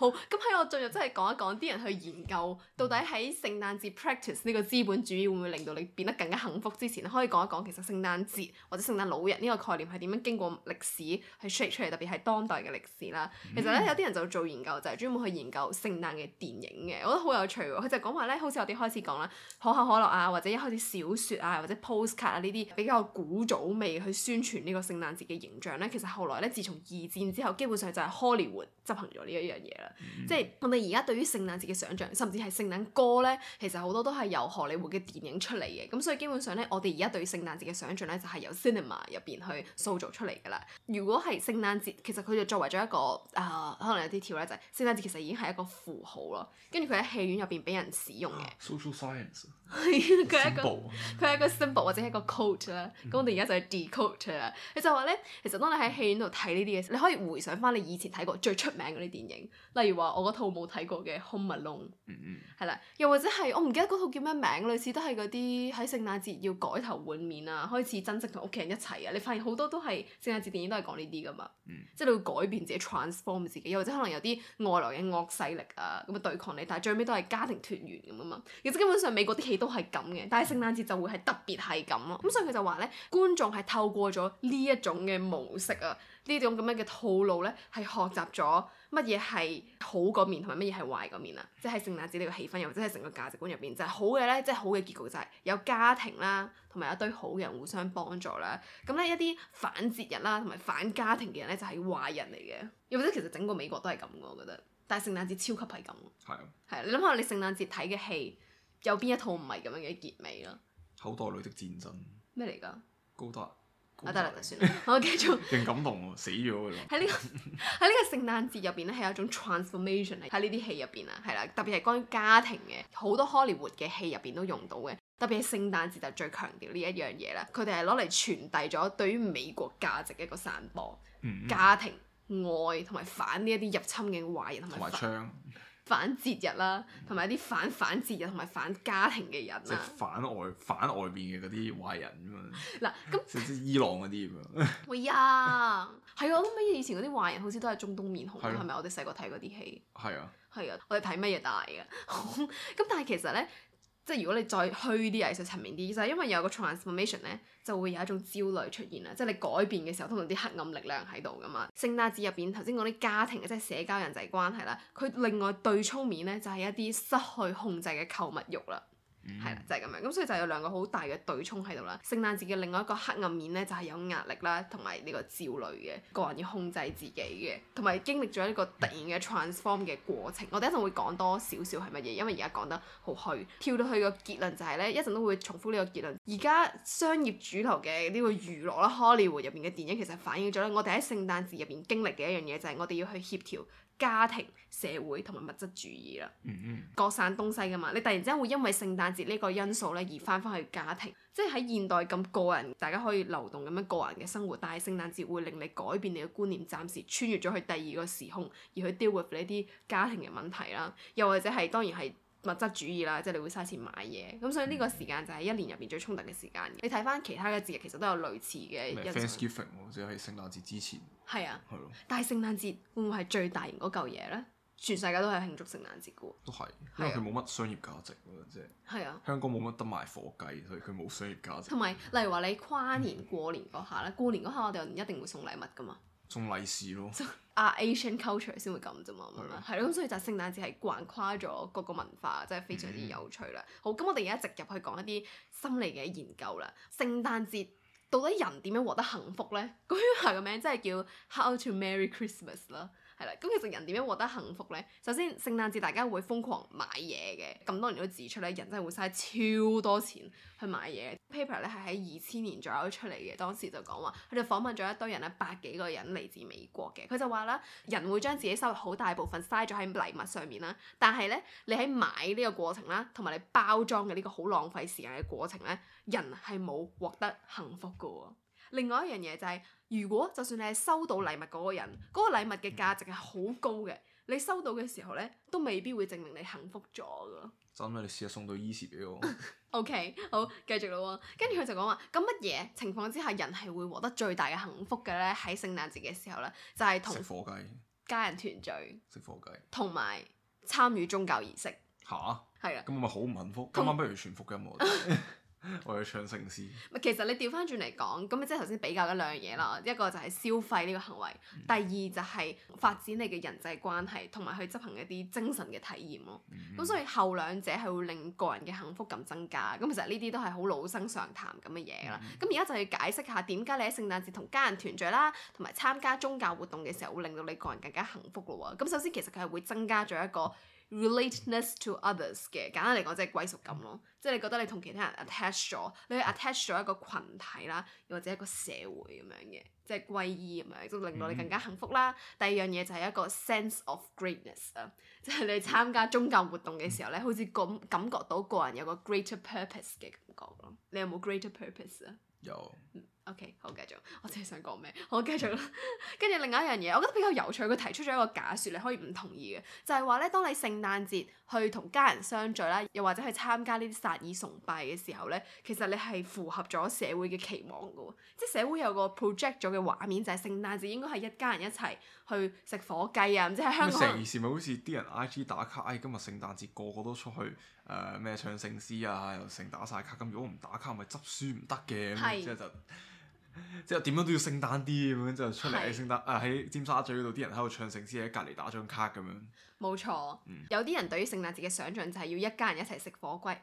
好，咁喺我進入真係講一講啲人去研究到底喺聖誕節 practice 呢個資本主義會唔會令到你變得更加幸福之前，可以講一講其實聖誕節或者聖誕老人呢個概念係點樣經過歷史去 shape 出嚟，特別係當代嘅歷史啦。其實呢，有啲人就做研究就係專門去研究聖誕嘅電影嘅，我覺得好有趣喎。佢就講話呢，好似我哋開始講啦，可口可樂啊，或者一開始小説啊，或者 postcard 啊呢啲比較古早味去宣傳呢個聖誕節嘅形象呢。其實後來呢，自從二戰之後，基本上就係 Hollywood 執行咗呢一樣嘢啦。Mm hmm. 即係我哋而家對於聖誕節嘅想像，甚至係聖誕歌咧，其實好多都係由荷里活嘅電影出嚟嘅。咁所以基本上咧，我哋而家對於聖誕節嘅想像咧，就係、是、由 cinema 入邊去塑造出嚟噶啦。如果係聖誕節，其實佢就作為咗一個啊、呃，可能有啲跳咧，就係、是、聖誕節其實已經係一個符號咯。跟住佢喺戲院入邊俾人使用嘅。Oh, 佢係 一個佢係一個 symbol 或者一個 code 啦、嗯，咁我哋而家就去 decode 啦。佢就話呢，其實當你喺戲院度睇呢啲嘢，你可以回想翻你以前睇過最出名嗰啲電影，例如話我嗰套冇睇過嘅《Home Alone》，嗯嗯，嗯，係啦，又或者係我唔記得嗰套叫咩名，類似都係嗰啲喺聖誕節要改頭換面啊，開始珍惜同屋企人一齊啊。你發現好多都係聖誕節電影都係講呢啲噶嘛，嗯、即係你會改變自己 transform 自己，又或者可能有啲外來嘅惡勢力啊咁啊對抗你，但係最尾都係家庭團圓咁啊嘛。而且基本上美國啲戲。都係咁嘅，但係聖誕節就會係特別係咁咯。咁所以佢就話咧，觀眾係透過咗呢一種嘅模式啊，呢種咁樣嘅套路咧，係學習咗乜嘢係好個面，同埋乜嘢係壞個面啊？即係聖誕節呢個氣氛，又或者係成個價值觀入邊，就係好嘅咧，即係好嘅結局就係有家庭啦，同埋一堆好人互相幫助啦。咁咧一啲反節日啦，同埋反家庭嘅人咧，就係壞人嚟嘅。又或者其實整個美國都係咁嘅，我覺得。但係聖誕節超級係咁。係啊。係啊，你諗下你聖誕節睇嘅戲。有邊一套唔係咁樣嘅結尾咯？口袋裏的戰爭咩嚟噶？高達，得啦就算啦，我繼續。勁感動喎，死咗㗎啦！喺呢個喺呢個聖誕節入邊咧，係有一種 transformation 喺呢啲戲入邊啊，係啦，特別係關於家庭嘅，好多 Hollywood 嘅戲入邊都用到嘅，特別係聖誕節就最強調呢一樣嘢啦，佢哋係攞嚟傳遞咗對於美國價值嘅一個散播，嗯嗯家庭愛同埋反呢一啲入侵嘅壞人同埋槍。反節日啦，同埋啲反反節日同埋反家庭嘅人啊！即係反外反外面嘅嗰啲壞人啊！嗱，咁即係伊朗嗰啲喎。會啊 呀，係啊，我諗以前嗰啲壞人好似都係中東面孔，係咪的的？我哋細個睇嗰啲戲。係啊。係啊，我哋睇乜嘢大嘅？咁但係其實咧。即係如果你再虛啲藝術層面啲，就係、是、因為有個 transformation 呢，就會有一種焦慮出現啦。即係你改變嘅時候，通常啲黑暗力量喺度噶嘛。聖誕節入邊頭先講啲家庭，即係社交人際關係啦。佢另外對沖面呢，就係、是、一啲失去控制嘅購物欲啦。係啦、嗯， 就係、是、咁樣，咁、嗯、所以就有兩個好大嘅對沖喺度啦。聖誕節嘅另外一個黑暗面呢，就係、是、有壓力啦，同埋呢個焦慮嘅個人要控制自己嘅，同埋經歷咗一個突然嘅 transform 嘅過程。我哋一陣會講多少少係乜嘢，因為而家講得好虛，跳到去個結論就係呢，一陣都會重複呢個結論。而家商業主流嘅呢個娛樂啦，Hollywood 入邊嘅電影其實反映咗呢，就是、我哋喺聖誕節入邊經歷嘅一樣嘢就係我哋要去協調。家庭、社會同埋物質主義啦，嗯嗯，各散東西㗎嘛，你突然之間會因為聖誕節呢個因素咧而翻返去家庭，即係喺現代咁個人，大家可以流動咁樣個人嘅生活，但係聖誕節會令你改變你嘅觀念，暫時穿越咗去第二個時空，而去 deal with 你啲家庭嘅問題啦，又或者係當然係。物質主義啦，即係你會嘥錢買嘢咁，所以呢個時間就係一年入邊最衝突嘅時間。你睇翻其他嘅節日，其實都有類似嘅。Thanksgiving 即係聖誕節之前。係啊。係咯了。但係聖誕節會唔會係最大型嗰嚿嘢咧？全世界都係慶祝聖誕節嘅喎。都係，因為佢冇乜商業價值嘅啫。係啊。香港冇乜得賣火雞，所以佢冇商業價值。同埋，例如話你跨年過年嗰下咧，嗯、過年嗰下我哋唔一定會送禮物㗎嘛。送利是咯，啊、so,Asian culture 先會咁啫嘛，係、right? 咯 Right.，所以就聖誕節係橫跨咗各個文化，真係非常之有趣啦。Mm. 好，咁我哋而家直入去講一啲心理嘅研究啦。聖誕節到底人點樣獲得幸福咧？嗰樣嘢嘅名真係叫 How to Merry Christmas 啦。係啦，咁其實人點樣獲得幸福咧？首先聖誕節大家會瘋狂買嘢嘅，咁多人都指出咧，人真係會嘥超多錢去買嘢。Paper 咧係喺二千年左右出嚟嘅，當時就講話佢哋訪問咗一堆人啦，百幾個人嚟自美國嘅，佢就話啦，人會將自己收入好大部分嘥咗喺禮物上面啦，但係咧你喺買呢個過程啦，同埋你包裝嘅呢個好浪費時間嘅過程咧，人係冇獲得幸福㗎喎。另外一樣嘢就係、是，如果就算你係收到禮物嗰個人，嗰、那個禮物嘅價值係好高嘅，你收到嘅時候呢都未必會證明你幸福咗㗎。真咩？你試下送到對依時畀我。 o、okay, K，好，繼續啦。跟住佢就講話，咁乜嘢情況之下人係會獲得最大嘅幸福嘅呢？喺聖誕節嘅時候呢，就係、是、同家人團聚，食火雞，同埋參與宗教儀式。吓蛤？係啊。咁咪好唔幸福？今晚不如傳福音 我要唱聖詩，其實你調翻轉嚟講，咁你即係頭先比較咗兩樣嘢啦，一個就係消費呢個行為，第二就係發展你嘅人際關係，同埋去執行一啲精神嘅體驗咯。咁、嗯、哼所以後兩者係會令個人嘅幸福感增加。咁其實呢啲都係好老生常談咁嘅嘢啦。咁而家就要解釋下點解你喺聖誕節同家人團聚啦，同埋參加宗教活動嘅時候會令到你個人更加幸福咯喎。咁首先其實佢係會增加咗一個 relatedness to others 嘅，簡單嚟講即係歸屬感咯，嗯、即係你覺得你同其他人 attach 咗，你去 attach 咗一個群體啦，又或者一個社會咁樣嘅，即係歸依咁樣，都令到你更加幸福啦。嗯、第二樣嘢就係一個 sense of greatness 啊，即係你參加宗教活動嘅時候咧，嗯、好似感感覺到個人有個 greater purpose 嘅感覺咯、啊。你有冇 greater purpose 啊？有。嗯 O、okay, K，好繼續，我淨係想講咩，好繼續啦。跟 住另一樣嘢，我覺得比較有趣，佢提出咗一個假説，你可以唔同意嘅，就係話咧，當你聖誕節去同家人相聚啦，又或者去參加呢啲撒意崇拜嘅時候咧，其實你係符合咗社會嘅期望㗎喎，即係社會有個 project 咗嘅畫面就係、是、聖誕節應該係一家人一齊去食火雞啊，唔知喺香港。成件事咪好似啲人 I G 打卡，哎，今日聖誕節個個都出去誒咩、呃、唱聖詩啊，又成打晒卡。咁如果唔打卡，咪執輸唔得嘅，咁之後就。之後點樣都要聖誕啲咁樣就出嚟聖誕是啊！喺尖沙咀嗰度啲人喺度唱聖詩，喺隔離打張卡咁樣。冇錯，嗯、有啲人對於聖誕節嘅想象就係要一家人一齊食火龜，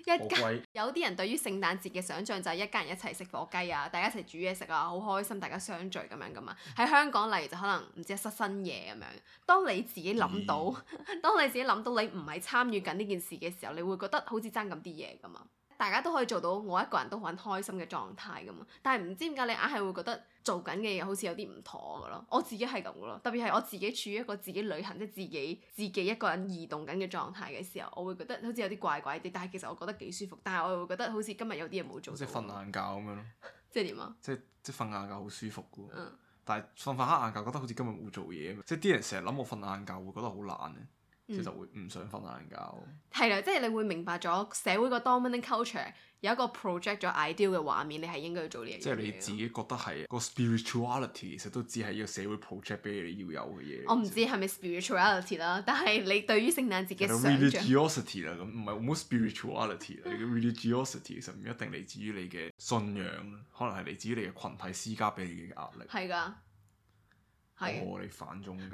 一家龜 有啲人對於聖誕節嘅想象就係一家人一齊食火雞啊，大家一齊煮嘢食啊，好開心，大家相聚咁樣噶嘛。喺香港，例如就可能唔知失身夜。咁樣。當你自己諗到，嗯、 當你自己諗到你唔係參與緊呢件事嘅時候，你會覺得好似爭咁啲嘢噶嘛。大家都可以做到我一個人都好開心嘅狀態噶嘛，但係唔知點解你硬係會覺得做緊嘅嘢好似有啲唔妥噶咯，我自己係咁噶咯，特別係我自己處於一個自己旅行即係自己自己一個人移動緊嘅狀態嘅時候，我會覺得好似有啲怪怪啲，但係其實我覺得幾舒服，但係我又會覺得好似今日有啲嘢冇做，即係瞓晏覺咁樣咯， 即係點啊？即係即係瞓晏覺好舒服噶，嗯、但係瞓瞓黑晏覺覺得好似今日冇做嘢咁，即係啲人成日諗我瞓晏覺會覺得好懶。嗯、其實會唔想瞓晏覺，係啦，即係你會明白咗社會個 dominant culture 有一個 project 咗 ideal 嘅畫面，你係應該要做呢樣嘢。即係你自己覺得係個 spirituality，其實都只係一個社會 project 俾你要有嘅嘢。我唔知係咪 spirituality 啦， 但係你對於聖誕節嘅信仰，religiosity 啦，咁唔係 most spirituality 你嘅 religiosity 其實唔一定嚟自於你嘅信仰，可能係嚟自於你嘅群體施加俾你嘅壓力。係㗎。係，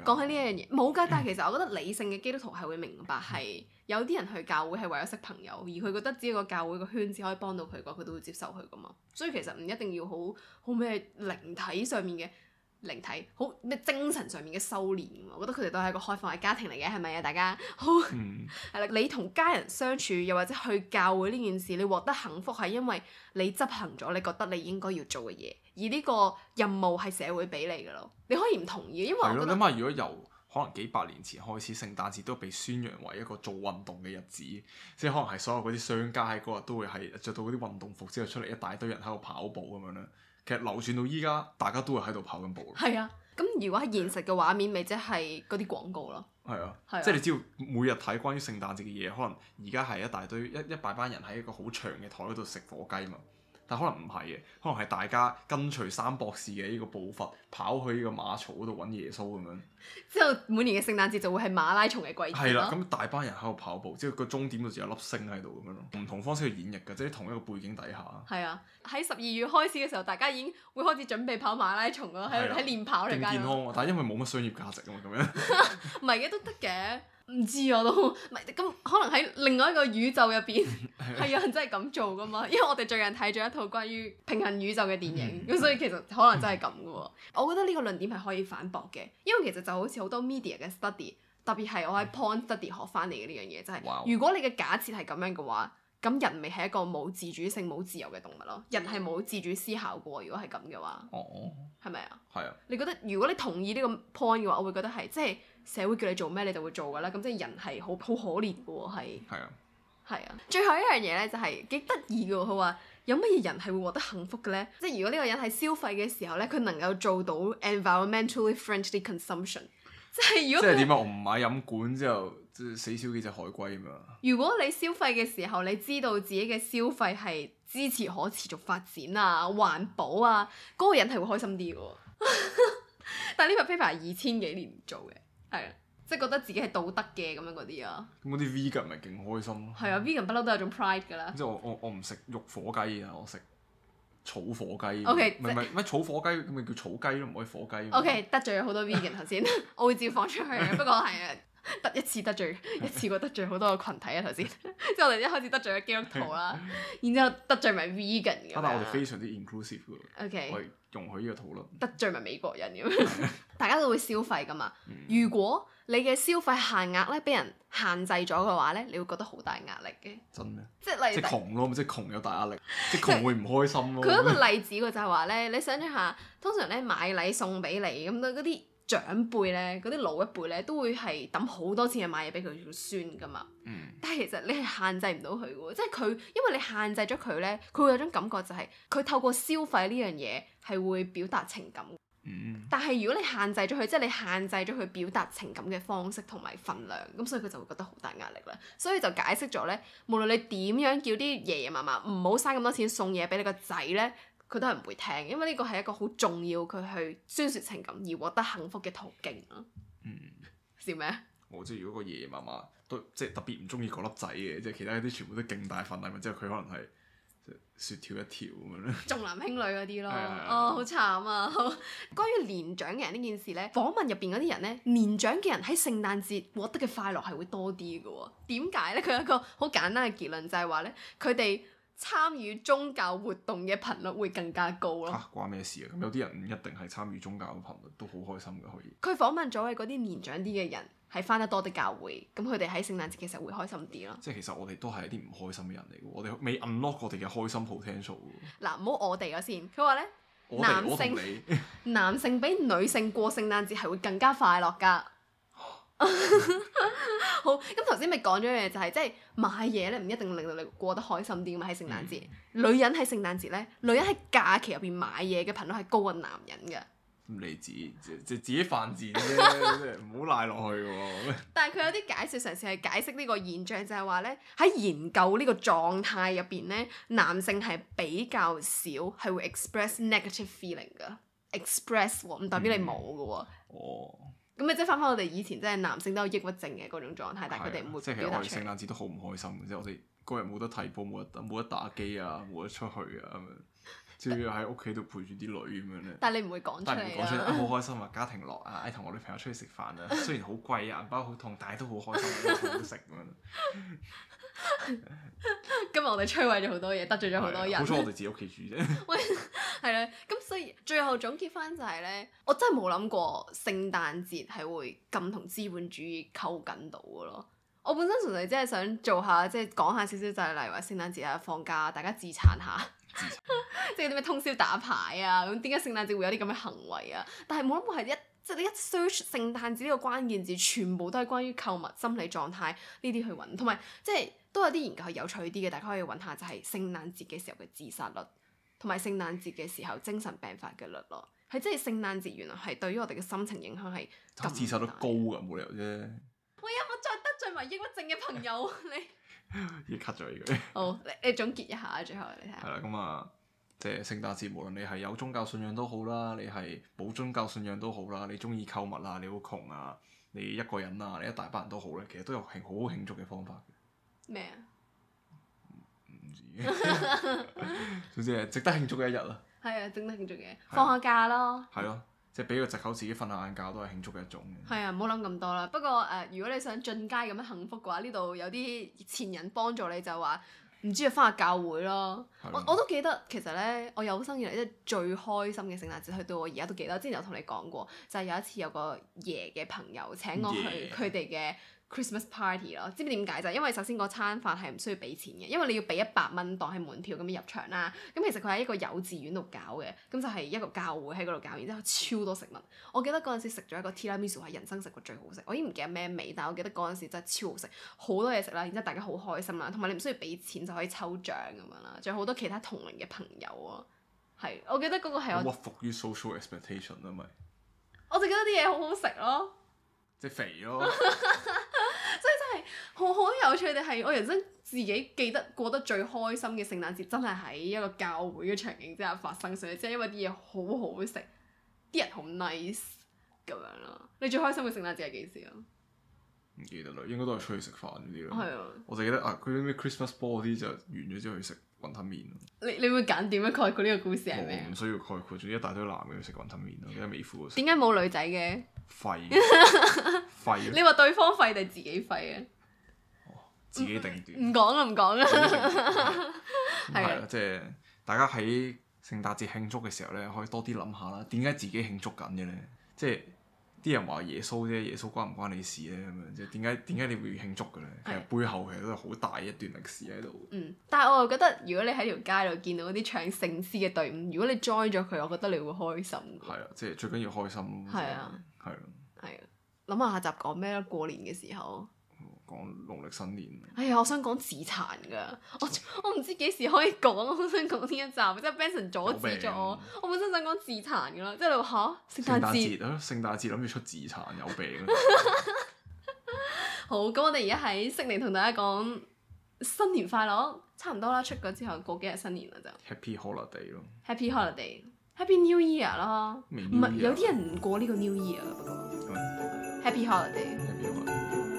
講、哦、起呢樣嘢冇㗎，但係其實我覺得理性嘅基督徒係會明白係有啲人去教會係為咗識朋友， 而佢覺得只要個教會個圈子可以幫到佢嘅話，佢都會接受佢噶嘛。所以其實唔一定要好好咩靈體上面嘅靈體，好咩精神上面嘅修練。我覺得佢哋都係一個開放嘅家庭嚟嘅，係咪啊？大家好係啦，你同家人相處，又或者去教會呢件事，你獲得幸福係因為你執行咗你覺得你應該要做嘅嘢。而呢個任務係社會俾你嘅咯，你可以唔同意，因為我諗下如果由可能幾百年前開始，聖誕節都被宣揚為一個做運動嘅日子，即係可能係所有嗰啲商家喺嗰日都會係着到嗰啲運動服之後出嚟，一大堆人喺度跑步咁樣咧。其實流傳到依家，大家都會喺度跑緊步。係啊，咁如果係現實嘅畫面，咪即係嗰啲廣告咯。係啊，即係你知道每日睇關於聖誕節嘅嘢，可能而家係一大堆一一大班人喺一個好長嘅台度食火雞嘛。但可能唔係嘅，可能係大家跟隨三博士嘅呢個步伐，跑去呢個馬槽嗰度揾耶穌咁樣。之後每年嘅聖誕節就會係馬拉松嘅季節咯。咁大班人喺度跑步，之後個終點就有粒星喺度咁樣咯。唔同方式去演繹㗎，即係同一個背景底下。係啊，喺十二月開始嘅時候，大家已經會開始準備跑馬拉松咯，喺喺的練跑嚟緊。健唔健康啊？但係因為冇乜商業價值啊嘛，咁樣 唔係嘅都得嘅。唔知啊，我都唔係咁，可能喺另外一個宇宙入邊係有人真係咁做噶嘛？因為我哋最近睇咗一套關於平行宇宙嘅電影，咁 所以其實可能真係咁噶喎。我覺得呢個論點係可以反駁嘅，因為其實就好似好多 media 嘅 study，特別係我喺 point study 學翻嚟嘅呢樣嘢，就係、係、Wow. 如果你嘅假設係咁樣嘅話，咁人咪係一個冇自主性、冇自由嘅動物咯。人係冇自主思考過，如果係咁嘅話，係咪、oh. 吧啊？係啊。你覺得如果你同意呢個 point 嘅話，我會覺得係即係。社會叫你做咩你就會做㗎啦，咁即係人係好好可憐㗎喎，係係是啊，係啊，最後一樣嘢咧就係幾得意㗎喎，佢話有乜嘢人係會獲得幸福嘅咧？即係如果呢個人係消費嘅時候咧，佢能夠做到 environmentally friendly consumption，即係如果即係點啊？我唔買飲管之後，即係死少幾隻海龜啊嘛！如果你消費嘅時候，你知道自己嘅消費係支持可持續發展啊、環保啊，嗰、那個人係會開心啲嘅喎。 但係呢份 paper 係二千幾年做嘅。係啊，即係覺得自己係道德嘅咁樣嗰啲啊。咁嗰啲 vegan 咪勁開心咯。係啊，vegan 不嬲都有種 pride 㗎啦。即係我我我唔食肉火雞啊，我食草火雞。O K，唔係唔係咩草火雞咁咪叫草雞咯，唔可以火雞。O K，得罪咗好多 vegan 頭先，我會照放出去。不過係啊，得一次得罪一次過得罪好多個群體啊頭先。即係我哋一開始得罪咗基督徒啦，然之後得罪埋 vegan。啊，但係我哋非常之 inclusive 嘅。O K。容許呢個討論，得罪埋美國人咁， 大家都會消費㗎嘛。嗯、如果你嘅消費限額呢，俾人限制咗嘅話呢，你會覺得好大壓力嘅。真咩？即係例如即係窮咯， 即係窮有大壓力， 即係窮會唔開心咯、啊。佢有一個例子喎就係話呢： 你想，想一下，通常呢，買禮送俾你咁嗰啲。長輩咧，嗰啲老一輩咧，都會係抌好多錢去買嘢俾佢做孫噶嘛。嗯、但係其實你係限制唔到佢嘅喎，即係佢，因為你限制咗佢咧，佢會有種感覺就係佢透過消費呢樣嘢係會表達情感。嗯、但係如果你限制咗佢，即係你限制咗佢表達情感嘅方式同埋分量，咁所以佢就會覺得好大壓力啦。所以就解釋咗咧，無論你點樣叫啲爺爺嫲嫲唔好嘥咁多錢送嘢俾你個仔咧。佢都係唔會聽，因為呢個係一個好重要佢去宣洩情感而獲得幸福嘅途徑咯。嗯，笑咩？我知如果個爺爺嫲嫲都即係特別唔中意嗰粒仔嘅，即係其他啲全部都勁大份，大份之後佢可能係雪條一條咁樣。重男輕女嗰啲咯， 哦， 哦好慘啊！好，關於年長嘅人呢件事咧，訪問入邊嗰啲人咧，年長嘅人喺聖誕節獲得嘅快樂係會多啲㗎喎。點解咧？佢有一個好簡單嘅結論就係話咧，佢哋。參與宗教活動嘅頻率會更加高咯。嚇、啊、關咩事啊？咁有啲人唔一定係參與宗教嘅頻率都好開心嘅，可以。佢訪問咗嘅嗰啲年長啲嘅人係翻得多啲教會，咁佢哋喺聖誕節其實會開心啲咯。即係其實我哋都係一啲唔開心嘅人嚟嘅，我哋未 unlock 我哋嘅開心 potential 喎。嗱，唔好我哋咗先，佢話咧男性跟 男性比女性過聖誕節係會更加快樂㗎。 好，咁頭先咪講咗樣嘢，就係即係買嘢咧，唔一定令到你過得開心啲。咪喺聖誕節，嗯、女人喺聖誕節咧，女人喺假期入邊買嘢嘅頻率係高過男人噶。唔理智，就就自,自,自己犯賤啫，唔好賴落去喎。但係佢有啲解釋，嘗試係解釋呢個現象就，就係話咧喺研究呢個狀態入邊咧，男性係比較少係會 express negative feeling 噶，express 喎，唔代表你冇噶喎。嗯哦咁咪即係翻返我哋以前，即係男性都有抑鬱症嘅嗰種狀態，的但係佢哋唔會。即係其實我哋聖誕節都好唔開心，即係我哋嗰日冇得睇波，冇得,冇得打機啊，冇得出去啊咁樣。 只要喺屋企度陪住啲女咁樣咧，但係你唔會講出嚟，但係唔講出嚟，好、 啊、開心啊！家庭樂啊，同、哎、我女朋友出去食飯啊， 雖然好貴啊，銀包好痛，但係都好開心，好好食咁樣。嗯、 今日我哋摧毀咗好多嘢，得罪咗好多人。好彩我哋自己屋企住啫。喂 係啦，咁所以最後總結返就係、是、咧，我真係冇諗過聖誕節係會咁同資本主義扣緊到嘅咯。我本身純粹即係想做下，即、就、係、是、講下少少就係例如話聖誕節啊放假，大家自殘下。 即係啲咩通宵打牌啊？咁點解聖誕節會有啲咁嘅行為啊？但係冇諗過係一即係、就是、你一 search 聖誕節呢個關鍵字，全部都係關於購物、心理狀態呢啲去揾，同埋即係都有啲研究係有趣啲嘅，大家可以揾下就係聖誕節嘅時候嘅自殺率，同埋聖誕節嘅時候精神病發嘅率咯。係真係聖誕節原來係對於我哋嘅心情影響係咁。自殺率高噶，冇理由啫。我有冇再得罪埋抑鬱症嘅朋友你？ 已經 cut 咗呢句。 好，你你總結一下最後你睇下。係啦，咁、嗯、啊，即係聖誕節，無論你係有宗教信仰都好啦，你係冇宗教信仰都好啦，你中意購物啊，你好窮啊，你一個人啊，你一大班人都好咧，其實都有好好慶祝嘅方法。咩啊？ 唔知。總之係值得慶祝嘅一日啦。係啊，值得慶祝嘅，放下假咯。係咯。即係俾個藉口，自己瞓下晏覺都係慶祝嘅一種。係啊，唔好諗咁多啦。不過誒、呃，如果你想進階咁樣幸福嘅話，呢度有啲前人幫助你就話，唔知要返下教會咯。的我我都記得，其實咧我有生以來即係最開心嘅聖誕節，去到我而家都記得。之前有同你講過，就係、是、有一次有個爺嘅朋友請我去佢哋嘅。Yeah. Christmas party 咯，知唔知點解？就係因為首先嗰餐飯係唔需要俾錢嘅，因為你要俾一百蚊當係門票咁樣入場啦。咁其實佢喺一個幼稚園度搞嘅，咁就係一個教會喺嗰度搞，然之後超多食物。我記得嗰陣時食咗一個 tiramisu 係人生食過最好食，我已經唔記得咩味，但係我記得嗰陣時真係超好食，好多嘢食啦，然之後大家好開心啦，同埋你唔需要俾錢就可以抽獎咁樣啦，仲有好多其他同齡嘅朋友啊，係我記得嗰個係我，我服於 social expectation 啊咪，我就覺得啲嘢好好食咯。即肥咯， 所以真係好好有趣嘅係，我人生自己記得過得最開心嘅聖誕節，真係喺一個教會嘅場景之下發生下，所以即係因為啲嘢好好食，啲人好 nice 咁樣咯。你最開心嘅聖誕節係幾時啊？唔記得啦，應該都係出去食飯嗰啲啦。係啊，我就記得啊，嗰啲咩 Christmas ball 啲就完咗之後去食雲吞麵，你你會揀點樣概括呢個故事係咩？唔需要概括，總之一大堆男嘅要食雲吞麵，啲 Yeah. 美孚。點解冇女仔嘅？廢，廢。你話對方廢定自己廢啊、哦？自己定斷。唔講啦，唔講啦。係啊，即係 的、就是、大家喺聖誕節慶祝嘅時候咧，可以多啲諗下啦。點解自己慶祝緊嘅咧？即、就、係、是。啲人話耶穌啫，耶穌關唔關你事呢？咁樣？即係點解點解你會慶祝嘅咧？其實背後其實都係好大一段歷史喺度、嗯。但係我又覺得，如果你喺條街度見到嗰啲唱聖詩嘅隊伍，如果你 join 咗佢，我覺得你會開心。係啊，即、就、係、係、最緊要開心、就係。係啊，係啊，諗下、啊啊啊、下集講咩啦？過年嘅時候。講農曆新年。哎呀，我想講自殘噶，我我唔知幾時可以講，我好想講呢一集，即係 Benson 阻止咗我，病我本身想講自殘噶啦，即係你話吓？聖誕節啊，聖誕節諗住出自殘有病。 好，咁我哋而家喺悉尼同大家講新年快樂，差唔多啦，出咗之後過幾日新年啦就。Happy holiday 咯。Happy holiday，Happy New Year 咯。唔係年，有啲人唔過呢個 New Year 啦，不過。嗯、Happy holiday。